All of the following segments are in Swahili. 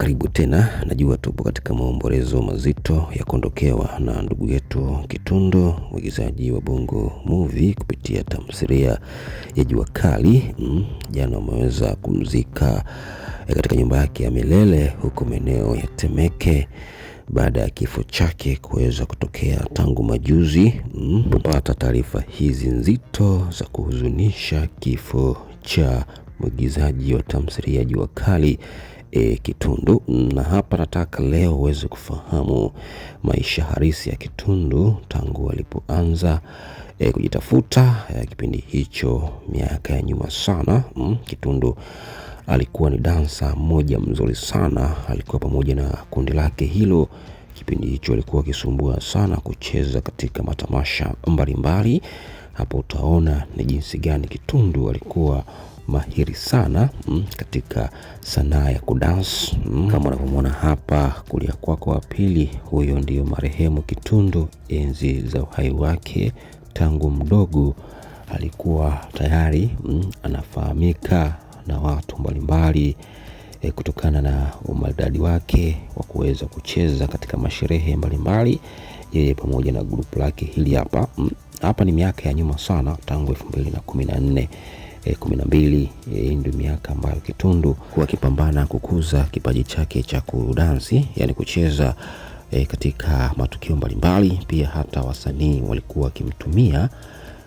Karibu tena, najua tupo katika maombolezo mazito ya kuondokewa na ndugu yetu Kitundo, mwigizaji wa Bongo Movie kupitia tamthilia ya Jua Kali. Mm, jana wameweza kumzika eh, katika nyumba yake ya milele huko maeneo ya Temeke baada ya kifo chake kuweza kutokea tangu majuzi. Mm, taarifa hizi nzito za kuhuzunisha kifo cha mwigizaji wa tamthilia Jua Kali e, Kitundu. Na hapa nataka leo uweze kufahamu maisha halisi ya Kitundu tangu alipoanza e, kujitafuta e, kipindi hicho miaka ya nyuma sana mm. Kitundu alikuwa ni dansa mmoja mzuri sana, alikuwa pamoja na kundi lake hilo kipindi hicho alikuwa akisumbua sana kucheza katika matamasha mbalimbali. Hapo utaona ni jinsi gani Kitundu alikuwa mahiri sana mm, katika sanaa ya kudansi mm. Kama unavyomwona hapa kulia kwako wa pili, huyo ndiyo marehemu Kitundu. Enzi za uhai wake tangu mdogo alikuwa tayari mm, anafahamika na watu mbalimbali e, kutokana na umaridadi wake wa kuweza kucheza katika masherehe mbalimbali, yeye pamoja na grupu lake hili hapa mm. Hapa ni miaka ya nyuma sana, tangu elfu mbili na kumi na nne e, kumi na mbili. Eh, hii ndio miaka ambayo Kitundu kuwa akipambana kukuza kipaji chake cha kudansi, yani kucheza e, katika matukio mbalimbali. Pia hata wasanii walikuwa wakimtumia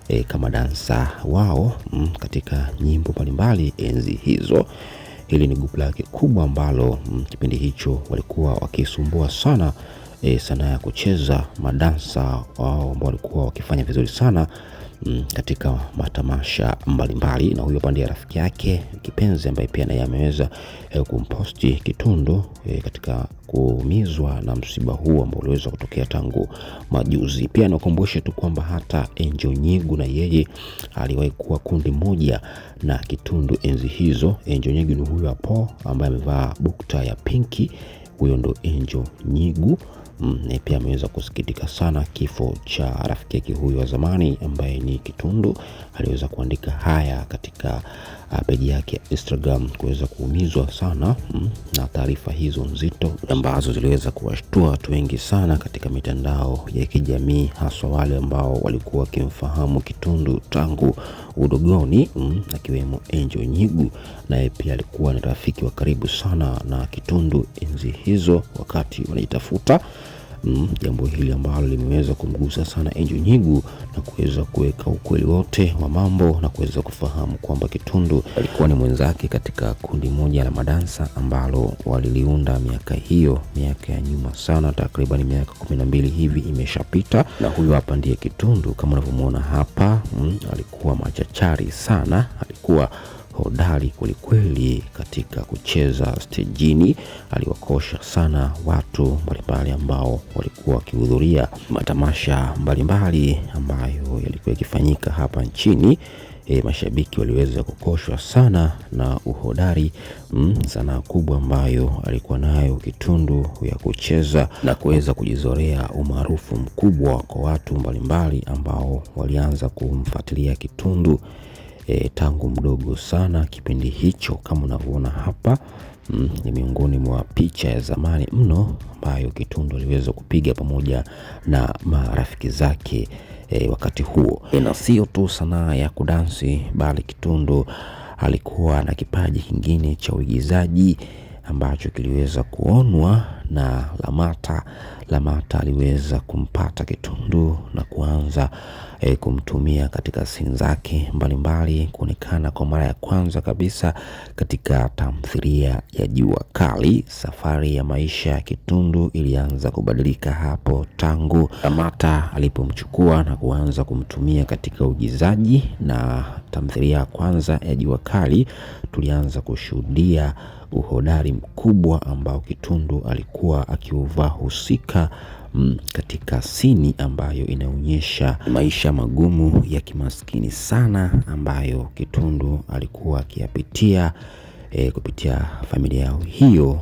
e, kama dansa wao m, mm, katika nyimbo mbalimbali enzi hizo. Hili ni gupu lake kubwa ambalo mm, kipindi hicho walikuwa wakisumbua sana e, sanaa ya kucheza madansa wao ambao walikuwa wakifanya vizuri sana mm, katika matamasha mbalimbali, na huyo pande rafiki yake kipenzi ambaye pia naye ameweza eh, kumposti Kitundu eh, katika kuumizwa na msiba huu ambao uliweza kutokea tangu majuzi. Pia nakumbusha tu kwamba hata Angel Nyigu na yeye aliwahi kuwa kundi moja na Kitundu enzi hizo. Angel Nyigu ni huyo hapo ambaye amevaa bukta ya pinki, huyo ndo Angel Nyigu mm, pia ameweza kusikitika sana kifo cha rafiki yake huyu wa zamani ambaye ni Kitundu. Aliweza kuandika haya katika uh, peji yake ya Instagram kuweza kuumizwa sana mm, na taarifa hizo nzito ambazo ziliweza kuwashtua watu wengi sana katika mitandao ya kijamii, haswa wale ambao walikuwa wakimfahamu Kitundu tangu udogoni mm, akiwemo Angel Nyigu, naye pia alikuwa ni rafiki wa karibu sana na Kitundu enzi hizo wakati wanajitafuta mm, jambo hili ambalo limeweza kumgusa sana Angel Nyigu na kuweza kuweka ukweli wote wa mambo na kuweza kufahamu kwamba Kitundu alikuwa ni mwenzake katika kundi moja la madansa ambalo waliliunda miaka hiyo, miaka ya nyuma sana, takriban miaka kumi na mbili hivi imeshapita, na huyu hapa ndiye Kitundu kama unavyomwona hapa mm, alikuwa machachari sana, alikuwa hodari kwelikweli katika kucheza stejini. Aliwakosha sana watu mbalimbali ambao walikuwa wakihudhuria matamasha mbalimbali ambayo yalikuwa yakifanyika hapa nchini. E, mashabiki waliweza kukoshwa sana na uhodari mm, sanaa kubwa ambayo alikuwa nayo Kitundu ya kucheza na kuweza kujizorea umaarufu mkubwa kwa watu mbalimbali ambao walianza kumfuatilia Kitundu e, tangu mdogo sana. Kipindi hicho kama unavyoona hapa mm, ni miongoni mwa picha ya zamani mno ambayo Kitundu aliweza kupiga pamoja na marafiki zake e, wakati huo. E, na sio tu sanaa ya kudansi, bali Kitundu alikuwa na kipaji kingine cha uigizaji ambacho kiliweza kuonwa na Lamata. Lamata aliweza kumpata Kitundu na kuanza e, kumtumia katika sini zake mbalimbali, kuonekana kwa mara ya kwanza kabisa katika tamthilia ya Jua Kali. Safari ya maisha ya Kitundu ilianza kubadilika hapo tangu Lamata alipomchukua na kuanza kumtumia katika uigizaji, na tamthilia ya kwanza ya Jua Kali tulianza kushuhudia uhodari mkubwa ambao Kitundu alikuwa alikuwa akiuvaa husika mm, katika sini ambayo inaonyesha maisha magumu ya kimaskini sana ambayo Kitundu alikuwa akiyapitia e, kupitia familia yao hiyo,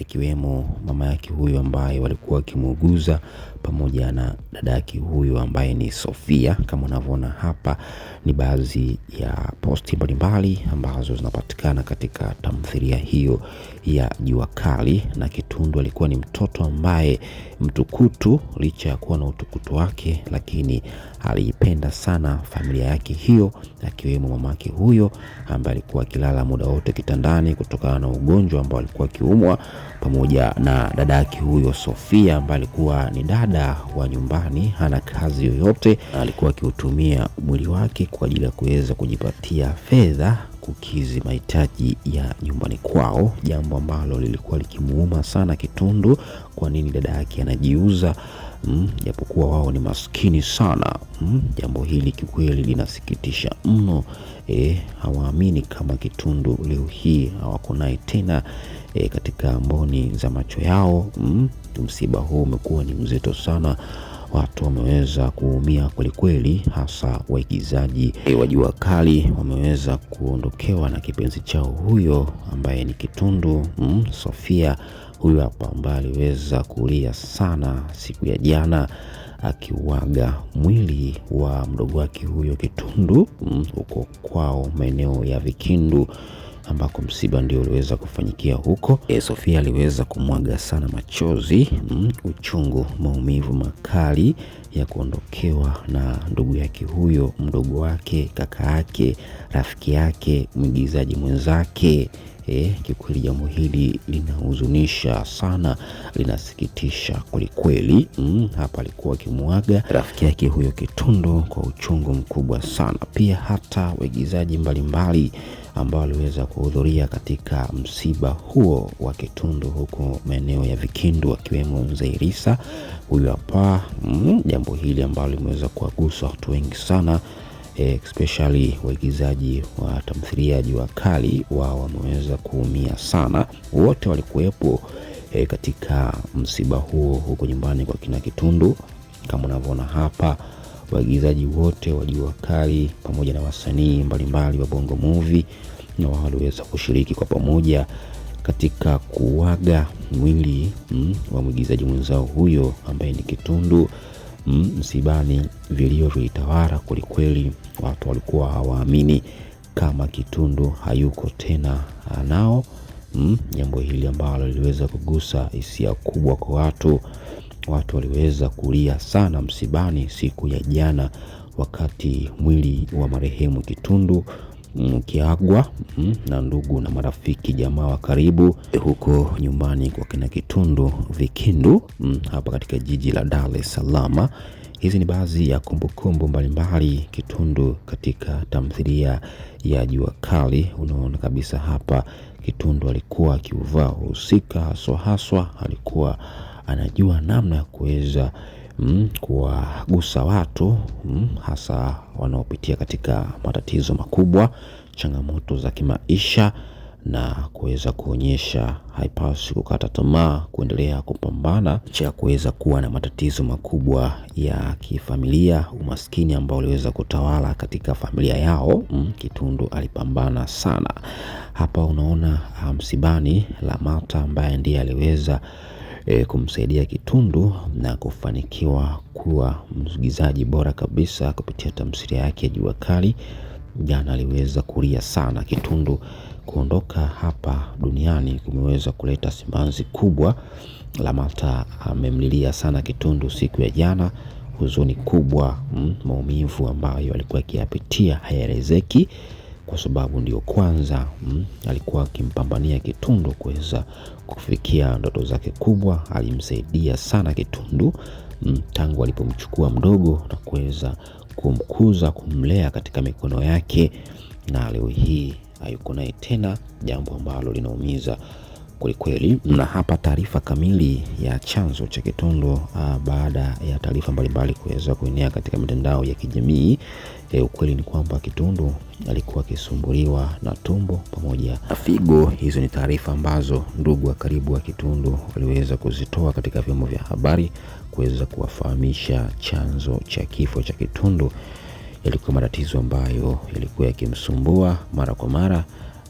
akiwemo mm, mama yake huyu ambaye walikuwa wakimuuguza pamoja na dada yake huyu ambaye ni Sofia. Kama unavyoona hapa, ni baadhi ya posti mbalimbali ambazo zinapatikana katika tamthilia hiyo ya Jua Kali. Na Kitundu alikuwa ni mtoto ambaye mtukutu, licha ya kuwa na utukutu wake, lakini ali anapenda sana familia yake hiyo, akiwemo mamake huyo ambaye alikuwa akilala muda wote kitandani kutokana na ugonjwa ambao alikuwa akiumwa, pamoja na dada yake huyo Sofia ambaye alikuwa ni dada wa nyumbani, hana kazi yoyote, alikuwa akiutumia mwili wake kwa ajili ya kuweza kujipatia fedha kukizi mahitaji ya nyumbani kwao, jambo ambalo lilikuwa likimuuma sana Kitundu. Kwa nini dada yake anajiuza mm, japokuwa mm, wao ni maskini sana mm, jambo hili kikweli linasikitisha mno. E, hawaamini kama Kitundu leo hii hawako naye tena e, katika mboni za macho yao mm. Msiba huu umekuwa ni mzito sana watu wameweza kuumia kwelikweli, hasa waigizaji wa jua kali wameweza kuondokewa na kipenzi chao huyo ambaye ni Kitundu mm, Sofia huyu hapa ambaye aliweza kulia sana siku ya jana akiuaga mwili wa mdogo wake huyo Kitundu mm, huko mm, kwao maeneo ya Vikindu ambako msiba ndio uliweza kufanyikia huko. E, Sofia aliweza kumwaga sana machozi mm, uchungu, maumivu makali ya kuondokewa na ndugu yake huyo, mdogo wake, kaka yake, rafiki yake, mwigizaji mwenzake. E, kiukweli jambo hili linahuzunisha sana, linasikitisha kwelikweli. Mm, hapa alikuwa akimwaga rafiki yake huyo Kitundu kwa uchungu mkubwa sana, pia hata waigizaji mbalimbali mbali ambao waliweza kuhudhuria katika msiba huo wa Kitundu huko maeneo ya Vikindu, akiwemo Mzee Risa huyu hapa mm, jambo hili ambalo limeweza kuwagusa watu wengi sana eh, especially waigizaji wa tamthilia Jua Kali, wao wameweza kuumia sana. Wote walikuwepo e, katika msiba huo huko nyumbani kwa kina Kitundu, kama unavyoona hapa. Waigizaji wote wa jua kali pamoja na wasanii mbalimbali wa Bongo Movie na wao waliweza kushiriki kwa pamoja katika kuaga mwili mm, wa mwigizaji mwenzao huyo ambaye ni Kitundu mm, msibani. Vilio vilitawala kwelikweli, watu walikuwa hawaamini kama Kitundu hayuko tena nao, mm, jambo mm, hili ambalo liliweza kugusa hisia kubwa kwa watu watu waliweza kulia sana msibani siku ya jana, wakati mwili wa marehemu Kitundu ukiagwa mm, na ndugu na marafiki jamaa wa karibu huko nyumbani kwa kina Kitundu Vikindu mm, hapa katika jiji la Dar es Salaam. Hizi ni baadhi ya kumbukumbu mbalimbali Kitundu katika tamthilia ya Jua Kali. Unaona kabisa hapa Kitundu alikuwa akiuvaa husika haswa haswa, alikuwa anajua namna ya kuweza mm, kuwagusa watu mm, hasa wanaopitia katika matatizo makubwa, changamoto za kimaisha na kuweza kuonyesha haipaswi kukata tamaa, kuendelea kupambana cha kuweza kuwa na matatizo makubwa ya kifamilia, umaskini ambao uliweza kutawala katika familia yao. Mm, Kitundu alipambana sana hapa. Unaona ah, msibani Lamata ambaye ndiye aliweza e, kumsaidia Kitundu na kufanikiwa kuwa mwigizaji bora kabisa kupitia tamthilia yake Jua Kali. Jana aliweza kulia sana Kitundu kuondoka hapa duniani kumeweza kuleta simanzi kubwa. Lamata amemlilia sana Kitundu siku ya jana, huzuni kubwa, mm, maumivu ambayo alikuwa akiyapitia hayaelezeki kwa sababu ndio kwanza mm, alikuwa akimpambania Kitundu kuweza kufikia ndoto zake kubwa. Alimsaidia sana Kitundu mm, tangu alipomchukua mdogo na kuweza kumkuza, kumlea katika mikono yake, na leo hii hayuko naye tena, jambo ambalo linaumiza kwelikweli, na hapa taarifa kamili ya chanzo cha uh, baada ya taarifa mbalimbali kuweza kuenea katika mitandao ya kijamii. E, ukweli ni kwamba Kitundu alikuwa akisumbuliwa na tumbo pamoja na figo. Hizo ni taarifa ambazo ndugu wa karibu wa Kitundu waliweza kuzitoa katika vyombo vya habari kuweza kuwafahamisha chanzo cha kifo cha Kitundu. Yalikuwa matatizo ambayo yalikuwa yakimsumbua mara kwa mara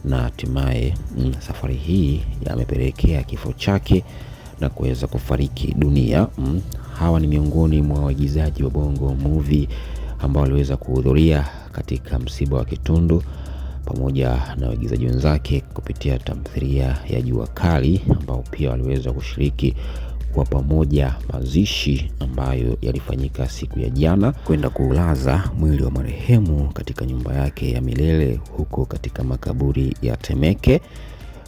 na hatimaye mm, safari hii yamepelekea kifo chake na kuweza kufariki dunia mm. Hawa ni miongoni mwa waigizaji wa Bongo Movie ambao waliweza kuhudhuria katika msiba wa Kitundu pamoja na waigizaji wenzake kupitia tamthilia ya Jua Kali ambao pia waliweza kushiriki kwa pamoja mazishi ambayo yalifanyika siku ya jana kwenda kuulaza mwili wa marehemu katika nyumba yake ya milele huko katika makaburi ya Temeke.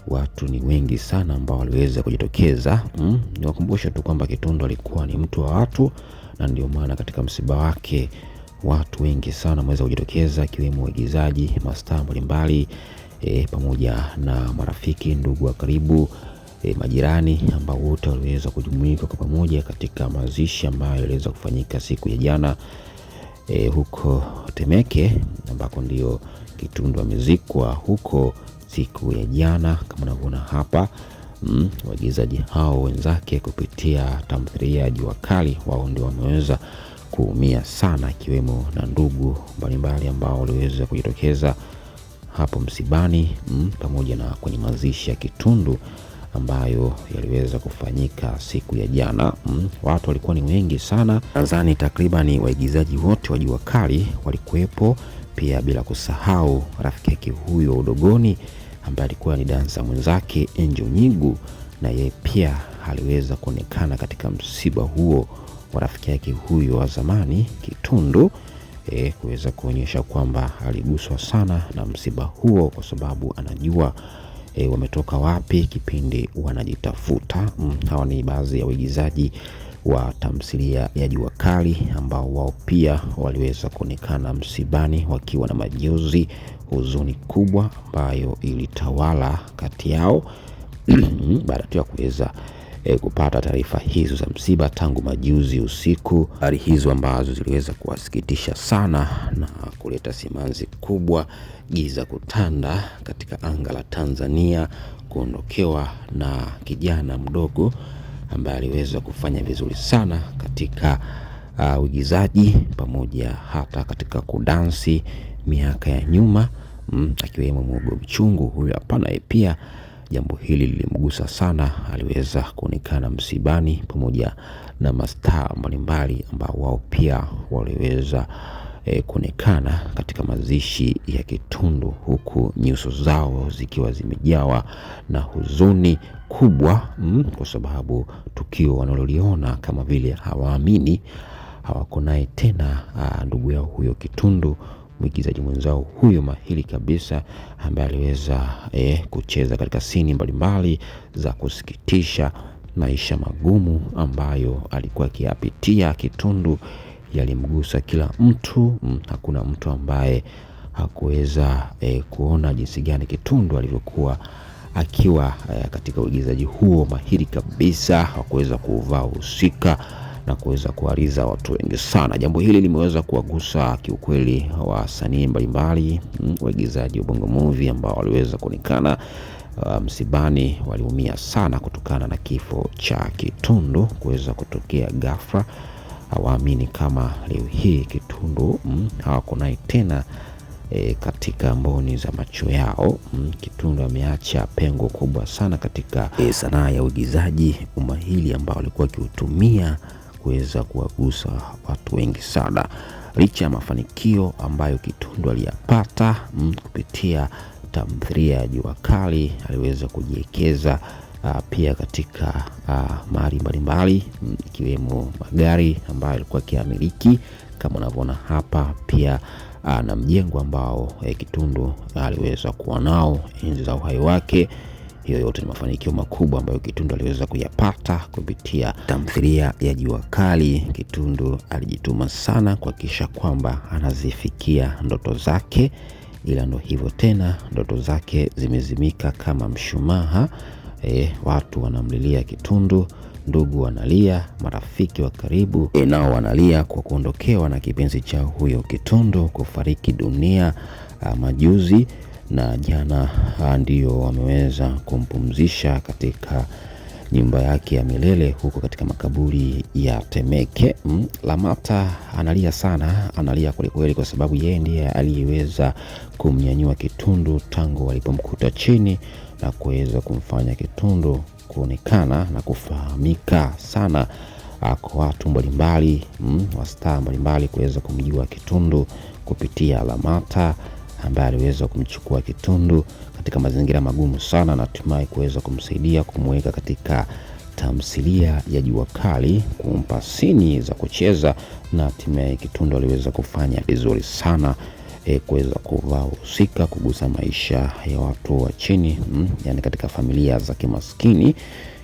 Watu ni wengi sana ambao waliweza kujitokeza. Mm, niwakumbushe tu kwamba kitundu alikuwa ni mtu wa watu, na ndio maana katika msiba wake watu wengi sana wameweza kujitokeza, akiwemo waigizaji, mastaa mbalimbali e, pamoja na marafiki, ndugu wa karibu e, majirani ambao wote waliweza kujumuika kwa pamoja katika mazishi ambayo yaliweza kufanyika siku ya jana e, huko Temeke ambako ndio Kitundu amezikwa huko siku ya jana kama unavyoona hapa mm, waigizaji hao wenzake kupitia tamthilia Jua Kali wao ndio wameweza kuumia sana, ikiwemo na ndugu mbalimbali ambao waliweza kujitokeza hapo msibani mm, pamoja na kwenye mazishi ya Kitundu ambayo yaliweza kufanyika siku ya jana mm. Watu walikuwa ni wengi sana, nadhani takribani waigizaji wote wa Jua Kali walikuwepo, pia bila kusahau rafiki yake huyu wa udogoni ambaye alikuwa ni dansa mwenzake Angel Nyigu, na yeye pia aliweza kuonekana katika msiba huo wa rafiki yake huyo wa zamani Kitundu e, kuweza kuonyesha kwamba aliguswa sana na msiba huo kwa sababu anajua e, wametoka wapi kipindi wanajitafuta. Mm, hawa ni baadhi ya waigizaji wa tamthilia ya Jua Kali ambao wao pia waliweza kuonekana msibani wakiwa na majonzi, huzuni kubwa ambayo ilitawala kati yao baada tu ya kuweza e, kupata taarifa hizo za msiba tangu majuzi usiku, habari hizo ambazo ziliweza kuwasikitisha sana na kuleta simanzi kubwa, giza kutanda katika anga la Tanzania, kuondokewa na kijana mdogo ambaye aliweza kufanya vizuri sana katika uh, uigizaji pamoja hata katika kudansi miaka ya nyuma, mm, akiwemo Mwogo Mchungu huyo hapana, pia Jambo hili lilimgusa sana, aliweza kuonekana msibani pamoja na mastaa mbalimbali ambao wao pia waliweza e, kuonekana katika mazishi ya Kitundu, huku nyuso zao zikiwa zimejawa na huzuni kubwa mm, kwa sababu tukio wanaloliona kama vile hawaamini hawako naye tena ah, ndugu yao huyo Kitundu mwigizaji mwenzao huyu mahiri kabisa ambaye aliweza eh, kucheza katika sini mbalimbali za kusikitisha, maisha magumu ambayo alikuwa akiyapitia Kitundu yalimgusa kila mtu. Mm, hakuna mtu ambaye hakuweza eh, kuona jinsi gani Kitundu alivyokuwa akiwa eh, katika uigizaji huo mahiri kabisa, hakuweza kuvaa husika na kuweza kuariza watu wengi sana. Jambo hili limeweza kuwagusa kiukweli wasanii mbalimbali, mm, waigizaji wa Bongo Movie ambao waliweza kuonekana Uh, msibani waliumia sana kutokana na kifo cha Kitundu kuweza kutokea ghafla. Hawaamini kama leo hii Kitundu mm, hawakunai tena e, katika mboni za macho yao mm. Kitundu ameacha pengo kubwa sana katika e, sanaa ya uigizaji, umahili ambao alikuwa akiutumia kuweza kuwagusa watu wengi sana, licha ya mafanikio ambayo Kitundu aliyapata kupitia tamthilia ya Jua Kali. Aliweza kujiwekeza ah, pia katika ah, mali mbalimbali ikiwemo magari ambayo alikuwa akiamiliki kama unavyoona hapa, pia ah, na mjengo ambao eh, Kitundu aliweza kuwa nao enzi za uhai wake. Hiyo yote ni mafanikio makubwa ambayo Kitundu aliweza kuyapata kupitia tamthilia ya Jua Kali. Kitundu alijituma sana kuhakikisha kwamba anazifikia ndoto zake, ila ndo hivyo tena, ndoto zake zimezimika kama mshumaa. E, watu wanamlilia Kitundu, ndugu wanalia, marafiki wa karibu e, nao wanalia kwa kuondokewa na kipenzi chao huyo Kitundu kufariki dunia majuzi na jana ah, ndio wameweza kumpumzisha katika nyumba yake ya milele huko katika makaburi ya Temeke. Mm, Lamata analia sana, analia kwelikweli, kwa sababu yeye ndiye aliyeweza kumnyanyua Kitundu tangu walipomkuta chini na kuweza kumfanya Kitundu kuonekana na kufahamika sana kwa watu mbalimbali, mm, wastaa mbalimbali kuweza kumjua Kitundu kupitia Lamata ambaye aliweza kumchukua Kitundu katika mazingira magumu sana na hatimaye kuweza kumsaidia kumweka katika tamthilia ya Jua Kali, kumpa sini za kucheza na hatimaye Kitundu aliweza kufanya vizuri sana e, kuweza kuvaa husika, kugusa maisha ya watu wa chini mm, yani katika familia za kimaskini.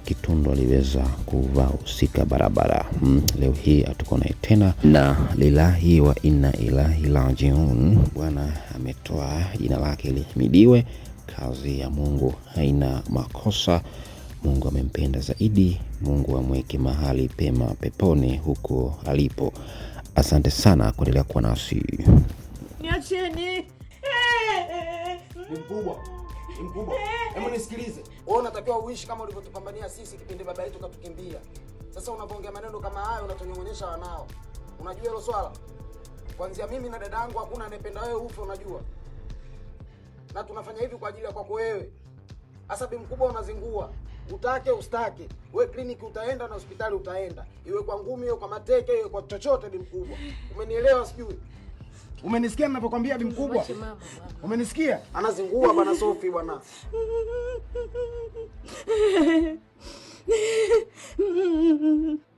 Kitundu aliweza husika barabara. Mm, leo hii hatuko naye tena na lilahi wa inna ilahi rajiun. Bwana ametoa jina lake lihimidiwe. Kazi ya Mungu haina makosa. Mungu amempenda zaidi. Mungu amweke mahali pema peponi huko alipo. Asante sana kuendelea kuwa nasi. Niacheni. Hey, hey, mkubwa, eh, hebu eh. nisikilize. Wewe unatakiwa uishi kama ulivyotupambania sisi kipindi baba yetu katukimbia. Sasa unapoongea maneno kama hayo unatunyong'onyesha wanao. Unajua hilo swala, kwanza mimi na dada yangu hakuna anayependa wewe ufe, unajua, na tunafanya hivi kwa ajili ya kwako wewe. Sasa bi mkubwa, unazingua utake ustake, we kliniki utaenda na hospitali utaenda, iwe kwa ngumi, iwe kwa mateke, iwe kwa chochote. Bi mkubwa, umenielewa sijui? Umenisikia ninapokuambia bi mkubwa? Umenisikia? Anazingua bwana Sophie bwana.